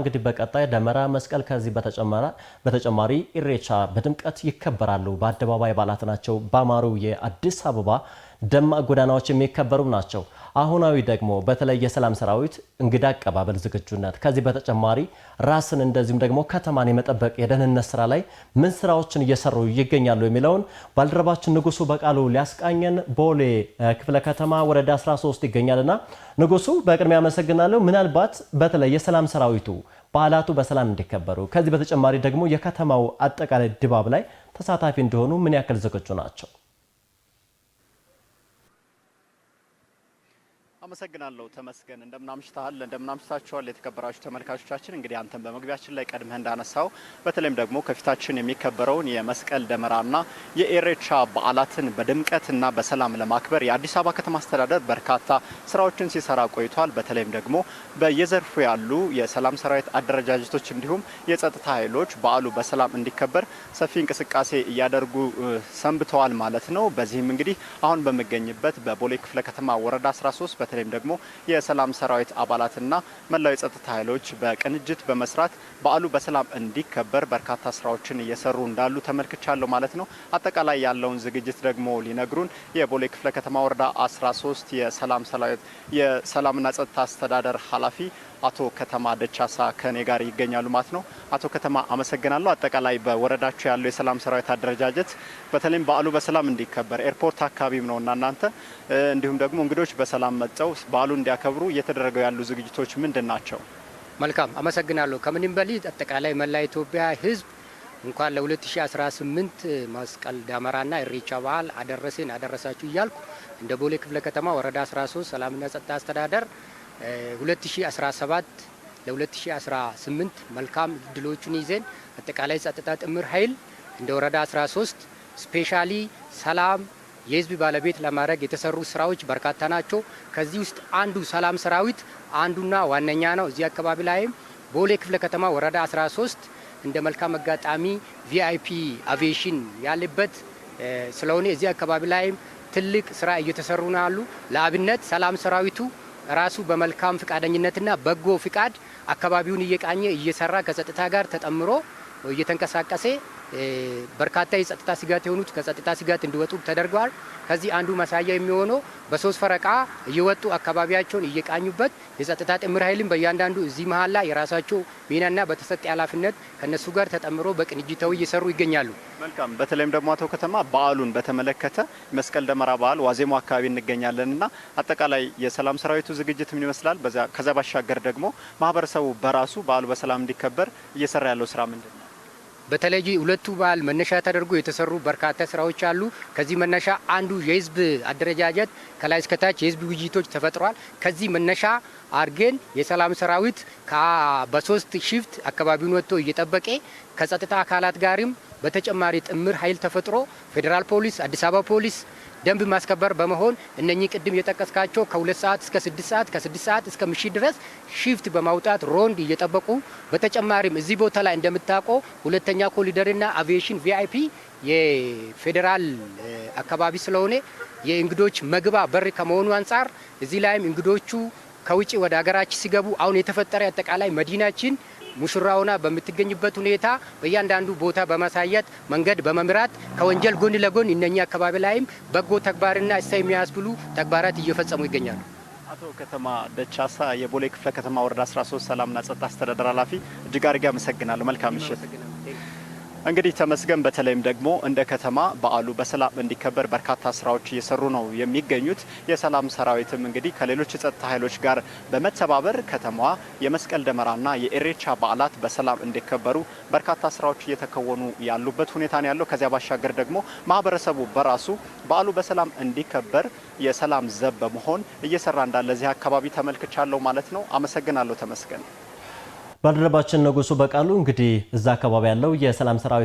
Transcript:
እንግዲህ በቀጣይ ደመራ፣ መስቀል ከዚህ በተጨማሪ ኢሬቻ በድምቀት ይከበራሉ። በአደባባይ በዓላት ናቸው። ባማሩ የአዲስ አበባ ደማቅ ጎዳናዎች የሚከበሩም ናቸው። አሁናዊ ደግሞ በተለይ የሰላም ሰራዊት እንግዳ አቀባበል ዝግጁነት፣ ከዚህ በተጨማሪ ራስን እንደዚሁም ደግሞ ከተማን የመጠበቅ የደህንነት ስራ ላይ ምን ስራዎችን እየሰሩ ይገኛሉ የሚለውን ባልደረባችን ንጉሱ በቃሉ ሊያስቃኘን ቦሌ ክፍለ ከተማ ወረዳ 13 ይገኛልና ንጉሱ በቅድሚያ አመሰግናለሁ። ምናልባት በተለይ የሰላም ሰራዊቱ በዓላቱ በሰላም እንዲከበሩ ከዚህ በተጨማሪ ደግሞ የከተማው አጠቃላይ ድባብ ላይ ተሳታፊ እንደሆኑ ምን ያክል ዝግጁ ናቸው? አመሰግናለሁ ተመስገን። እንደምናምሽታል እንደምናምሽታችኋል የተከበራችሁ ተመልካቾቻችን። እንግዲህ አንተን በመግቢያችን ላይ ቀድመህ እንዳነሳው በተለይም ደግሞ ከፊታችን የሚከበረውን የመስቀል ደመራና የኤሬቻ በዓላትን በድምቀትና በሰላም ለማክበር የአዲስ አበባ ከተማ አስተዳደር በርካታ ስራዎችን ሲሰራ ቆይቷል። በተለይም ደግሞ በየዘርፉ ያሉ የሰላም ሰራዊት አደረጃጀቶች እንዲሁም የጸጥታ ኃይሎች በዓሉ በሰላም እንዲከበር ሰፊ እንቅስቃሴ እያደረጉ ሰንብተዋል ማለት ነው። በዚህም እንግዲህ አሁን በምገኝበት በቦሌ ክፍለ ከተማ ወረዳ 13 በተለይም ደግሞ የሰላም ሰራዊት አባላትና መላው የጸጥታ ኃይሎች በቅንጅት በመስራት በዓሉ በሰላም እንዲከበር በርካታ ስራዎችን እየሰሩ እንዳሉ ተመልክቻለሁ ማለት ነው። አጠቃላይ ያለውን ዝግጅት ደግሞ ሊነግሩን የቦሌ ክፍለ ከተማ ወረዳ 13 የሰላም ሰራዊት የሰላምና ጸጥታ አስተዳደር ኃላፊ አቶ ከተማ ደቻሳ ከኔ ጋር ይገኛሉ ማለት ነው። አቶ ከተማ አመሰግናለሁ። አጠቃላይ በወረዳችሁ ያለው የሰላም ሰራዊት አደረጃጀት በተለይም በዓሉ በሰላም እንዲከበር ኤርፖርት አካባቢም እና እናንተ እንዲሁም ደግሞ እንግዶች በሰላም መጠው ተደራጅተው በዓሉን እንዲያከብሩ እየተደረገው ያሉ ዝግጅቶች ምንድን ናቸው? መልካም አመሰግናለሁ። ከምንም በሊት አጠቃላይ መላ ኢትዮጵያ ህዝብ እንኳን ለ2018 መስቀል ደመራና ኢሬቻ በዓል አደረሰን አደረሳችሁ እያልኩ እንደ ቦሌ ክፍለ ከተማ ወረዳ 13 ሰላምና ጸጥታ አስተዳደር 2017 ለ2018 መልካም ድሎቹን ይዘን አጠቃላይ ጸጥታ ጥምር ኃይል እንደ ወረዳ 13 ስፔሻሊ ሰላም የህዝብ ባለቤት ለማድረግ የተሰሩ ስራዎች በርካታ ናቸው። ከዚህ ውስጥ አንዱ ሰላም ሰራዊት አንዱና ዋነኛ ነው። እዚህ አካባቢ ላይም ቦሌ ክፍለ ከተማ ወረዳ 13 እንደ መልካም አጋጣሚ ቪአይፒ አቪዬሽን ያለበት ስለሆነ እዚህ አካባቢ ላይም ትልቅ ስራ እየተሰሩ ነው ያሉ። ለአብነት ሰላም ሰራዊቱ ራሱ በመልካም ፍቃደኝነትና በጎ ፍቃድ አካባቢውን እየቃኘ እየሰራ ከጸጥታ ጋር ተጠምሮ እየተንቀሳቀሰ በርካታ የጸጥታ ስጋት የሆኑት ከጸጥታ ስጋት እንዲወጡ ተደርገዋል። ከዚህ አንዱ ማሳያ የሚሆነው በሶስት ፈረቃ እየወጡ አካባቢያቸውን እየቃኙበት የጸጥታ ጥምር ኃይልም በእያንዳንዱ እዚህ መሀል ላይ የራሳቸው ሚናና በተሰጠ ኃላፊነት ከእነሱ ጋር ተጠምሮ በቅንጅታዊ እየሰሩ ይገኛሉ። መልካም። በተለይም ደግሞ አቶ ከተማ በዓሉን በተመለከተ መስቀል ደመራ በዓል ዋዜማ አካባቢ እንገኛለን እና አጠቃላይ የሰላም ሰራዊቱ ዝግጅት ምን ይመስላል? ከዛ ባሻገር ደግሞ ማህበረሰቡ በራሱ በዓሉ በሰላም እንዲከበር እየሰራ ያለው ስራ ምንድን ነው? በተለይ ሁለቱ በዓል መነሻ ተደርጎ የተሰሩ በርካታ ስራዎች አሉ። ከዚህ መነሻ አንዱ የህዝብ አደረጃጀት ከላይ እስከታች የህዝብ ውይይቶች ተፈጥሯል። ከዚህ መነሻ አርጌን የሰላም ሰራዊት በሶስት ሽፍት አካባቢውን ወጥቶ እየጠበቀ ከጸጥታ አካላት ጋርም በተጨማሪ ጥምር ኃይል ተፈጥሮ ፌዴራል ፖሊስ፣ አዲስ አበባ ፖሊስ ደንብ ማስከበር በመሆን እነኚህ ቅድም የጠቀስካቸው ከሁለት ሰዓት እስከ ስድስት ሰዓት ከስድስት ሰዓት እስከ ምሽት ድረስ ሺፍት በማውጣት ሮንድ እየጠበቁ በተጨማሪም እዚህ ቦታ ላይ እንደምታውቀው ሁለተኛ ኮሊደርና አቪዬሽን ቪአይፒ የፌዴራል አካባቢ ስለሆነ የእንግዶች መግባ በር ከመሆኑ አንጻር እዚህ ላይም እንግዶቹ ከውጭ ወደ ሀገራችን ሲገቡ አሁን የተፈጠረ አጠቃላይ መዲናችን ሙሽራውና በምትገኝበት ሁኔታ በእያንዳንዱ ቦታ በማሳየት መንገድ በመምራት ከወንጀል ጎን ለጎን እነኛ አካባቢ ላይም በጎ ተግባርና እሳ የሚያስብሉ ተግባራት እየፈጸሙ ይገኛሉ። አቶ ከተማ ደቻሳ የቦሌ ክፍለ ከተማ ወረዳ 13 ሰላምና ጸጥታ አስተዳደር ኃላፊ፣ እጅግ አድርጌ አመሰግናለሁ። መልካም ምሽት። እንግዲህ ተመስገን በተለይም ደግሞ እንደ ከተማ በዓሉ በሰላም እንዲከበር በርካታ ስራዎች እየሰሩ ነው የሚገኙት። የሰላም ሰራዊትም እንግዲህ ከሌሎች የጸጥታ ኃይሎች ጋር በመተባበር ከተማዋ የመስቀል ደመራና የኢሬቻ በዓላት በሰላም እንዲከበሩ በርካታ ስራዎች እየተከወኑ ያሉበት ሁኔታ ነው ያለው። ከዚያ ባሻገር ደግሞ ማህበረሰቡ በራሱ በዓሉ በሰላም እንዲከበር የሰላም ዘብ በመሆን እየሰራ እንዳለ እዚህ አካባቢ ተመልክቻለሁ ማለት ነው። አመሰግናለሁ ተመስገን። ባልደረባችን ንጉሱ በቃሉ እንግዲህ እዛ አካባቢ ያለው የሰላም ሰራዊት